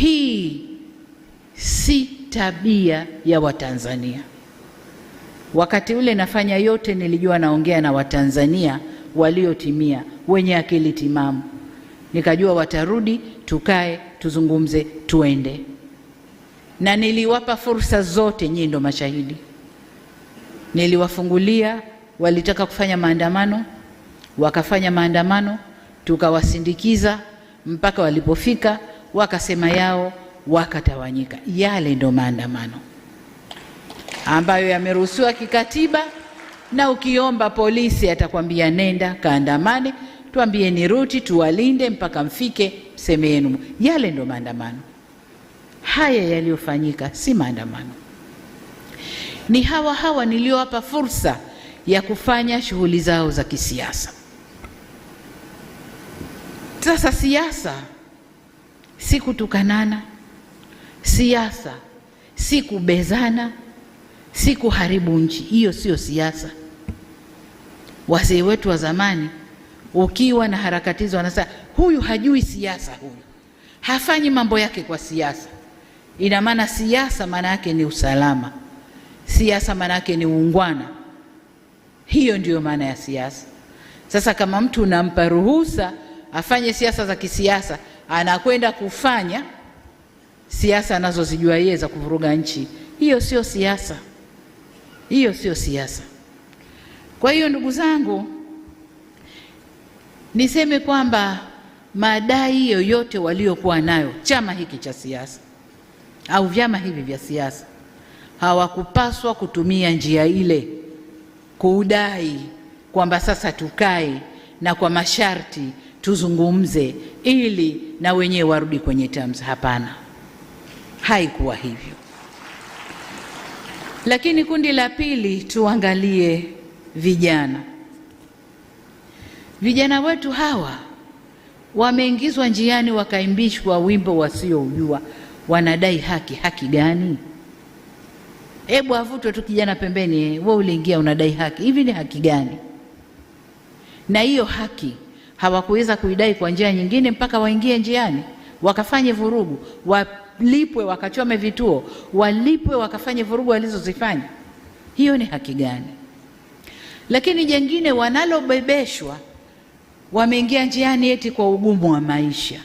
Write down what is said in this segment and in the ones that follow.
Hii si tabia ya Watanzania. Wakati ule nafanya yote, nilijua naongea na Watanzania waliotimia wenye akili timamu, nikajua watarudi, tukae tuzungumze, tuende. Na niliwapa fursa zote, nyinyi ndo mashahidi. Niliwafungulia, walitaka kufanya maandamano, wakafanya maandamano, tukawasindikiza mpaka walipofika wakasema yao, wakatawanyika. Yale ndo maandamano ambayo yameruhusiwa kikatiba, na ukiomba polisi atakwambia nenda kaandamane, tuambie ni ruti, tuwalinde mpaka mfike mseme yenu. Yale ndo maandamano. Haya yaliyofanyika si maandamano, ni hawa hawa niliowapa fursa ya kufanya shughuli zao za kisiasa. Sasa siasa si kutukanana, siasa si kubezana, si kuharibu nchi. Hiyo sio siasa. Wazee wetu wa zamani, ukiwa na harakati hizo, wanasema huyu hajui siasa, huyu hafanyi mambo yake kwa siasa. Ina maana siasa maana yake ni usalama, siasa maana yake ni uungwana. Hiyo ndiyo maana ya siasa. Sasa kama mtu unampa ruhusa afanye siasa za kisiasa anakwenda kufanya siasa anazozijua yeye za kuvuruga nchi. Hiyo sio siasa, hiyo sio siasa. Kwa hiyo ndugu zangu, niseme kwamba madai yoyote waliokuwa nayo chama hiki cha siasa au vyama hivi vya siasa hawakupaswa kutumia njia ile kuudai kwamba sasa tukae na kwa masharti tuzungumze ili na wenyewe warudi kwenye terms. Hapana, haikuwa hivyo. Lakini kundi la pili, tuangalie vijana. Vijana wetu hawa wameingizwa njiani, wakaimbishwa wimbo wasioujua, wanadai haki. Haki gani? Hebu avutwe tu kijana pembeni, wewe uliingia unadai haki, hivi ni haki gani? Na hiyo haki hawakuweza kuidai kwa njia nyingine mpaka waingie njiani wakafanye vurugu, walipwe, wakachome vituo, walipwe, wakafanye vurugu walizozifanya. Hiyo ni haki gani? Lakini jengine wanalobebeshwa, wameingia njiani eti kwa ugumu wa maisha.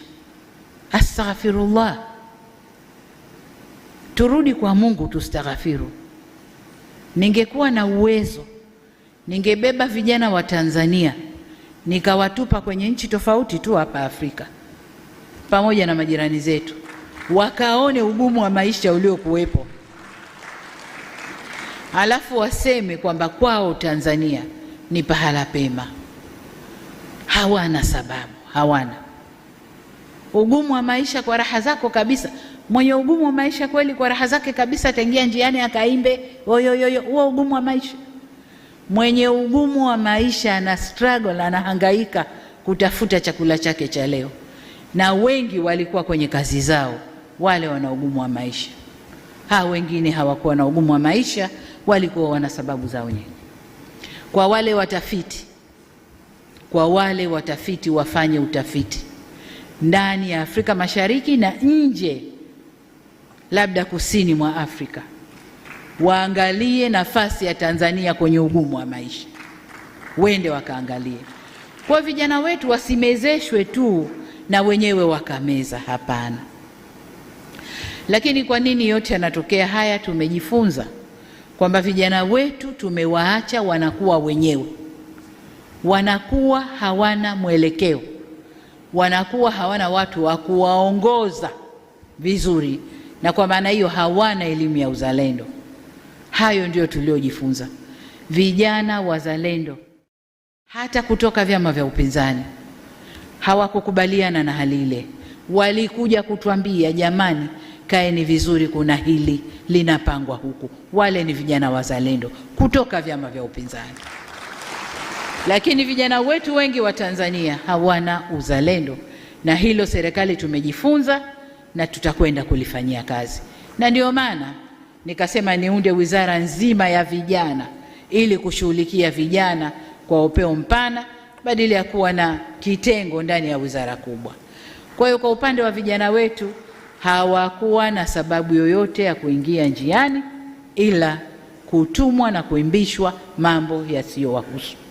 Astaghfirullah, turudi kwa Mungu tustaghfiru. Ningekuwa na uwezo ningebeba vijana wa Tanzania nikawatupa kwenye nchi tofauti tu hapa Afrika pamoja na majirani zetu, wakaone ugumu wa maisha uliokuwepo, alafu waseme kwamba kwao Tanzania ni pahala pema. Hawana sababu, hawana ugumu wa maisha kwa raha zako kabisa. Mwenye ugumu wa maisha kweli, kwa raha zake kabisa, ataingia njiani akaimbe oyoyoyo, huo ugumu wa maisha mwenye ugumu wa maisha ana struggle, anahangaika kutafuta chakula chake cha leo, na wengi walikuwa kwenye kazi zao, wale wana ugumu wa maisha. Ha, wengine hawakuwa na ugumu wa maisha, walikuwa wana sababu zao nyingi. Kwa wale watafiti, kwa wale watafiti wafanye utafiti ndani ya Afrika Mashariki na nje, labda kusini mwa Afrika waangalie nafasi ya Tanzania kwenye ugumu wa maisha, wende wakaangalie kwa vijana wetu, wasimezeshwe tu na wenyewe wakameza. Hapana. Lakini kwa nini yote yanatokea haya? Tumejifunza kwamba vijana wetu tumewaacha wanakuwa wenyewe, wanakuwa hawana mwelekeo, wanakuwa hawana watu wa kuwaongoza vizuri, na kwa maana hiyo hawana elimu ya uzalendo. Hayo ndio tuliojifunza vijana wazalendo, hata kutoka vyama vya upinzani hawakukubaliana na hali ile. Walikuja kutwambia jamani, kaeni vizuri, kuna hili linapangwa huku. Wale ni vijana wazalendo kutoka vyama vya upinzani, lakini vijana wetu wengi wa Tanzania hawana uzalendo, na hilo serikali tumejifunza na tutakwenda kulifanyia kazi, na ndio maana nikasema niunde wizara nzima ya vijana ili kushughulikia vijana kwa upeo mpana badala ya kuwa na kitengo ndani ya wizara kubwa. Kwa hiyo kwa upande wa vijana wetu hawakuwa na sababu yoyote ya kuingia njiani ila kutumwa na kuimbishwa mambo yasiyowahusu.